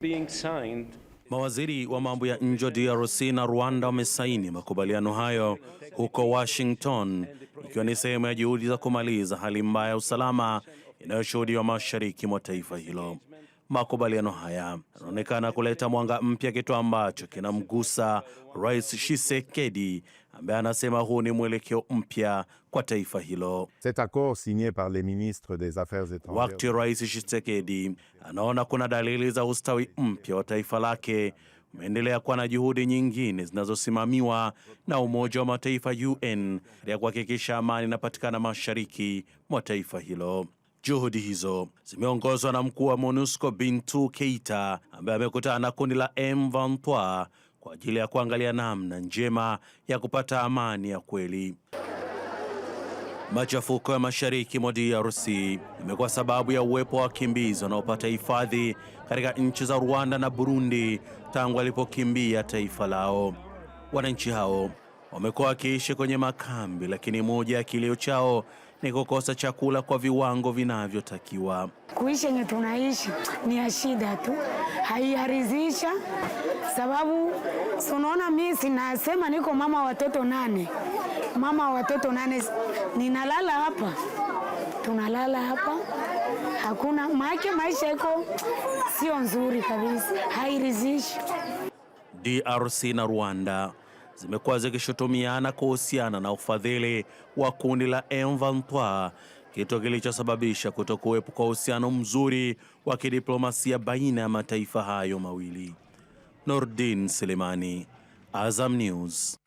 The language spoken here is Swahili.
being signed. Mawaziri wa mambo ya nje wa DRC na Rwanda wamesaini makubaliano hayo huko Washington, ikiwa ni sehemu ya juhudi za kumaliza hali mbaya ya usalama inayoshuhudiwa mashariki mwa taifa hilo. Makubaliano haya yanaonekana kuleta mwanga mpya, kitu ambacho kinamgusa Rais Tshisekedi ambaye anasema huu ni mwelekeo mpya kwa taifa hilo. Wakati Rais Tshisekedi anaona kuna dalili za ustawi mpya wa taifa lake, umeendelea kuwa na juhudi nyingine zinazosimamiwa na Umoja wa Mataifa UN ya kuhakikisha amani inapatikana mashariki mwa taifa hilo. Juhudi hizo zimeongozwa na mkuu wa MONUSCO Bintu Keita ambaye amekutana na kundi la M23 kwa ajili ya kuangalia namna njema ya kupata amani ya kweli. Machafuko ya mashariki mwa DRC imekuwa sababu ya uwepo wa wakimbizi wanaopata hifadhi katika nchi za Rwanda na Burundi tangu walipokimbia taifa lao. Wananchi hao wamekuwa wakiishi kwenye makambi, lakini moja ya kilio chao ni kukosa chakula kwa viwango vinavyotakiwa. Kuishi yenye tunaishi ni ya shida tu, haiharizisha sababu sunaona, mimi sinasema niko mama watoto nane, mama watoto nane, ninalala hapa, tunalala hapa hakuna make maisha iko sio nzuri kabisa, hairidhishi. DRC na Rwanda zimekuwa zikishutumiana kuhusiana na ufadhili wa kundi la M23, kitu kilichosababisha kutokuwepo kwa uhusiano mzuri wa kidiplomasia baina ya mataifa hayo mawili. Nordin Selemani, Azam News.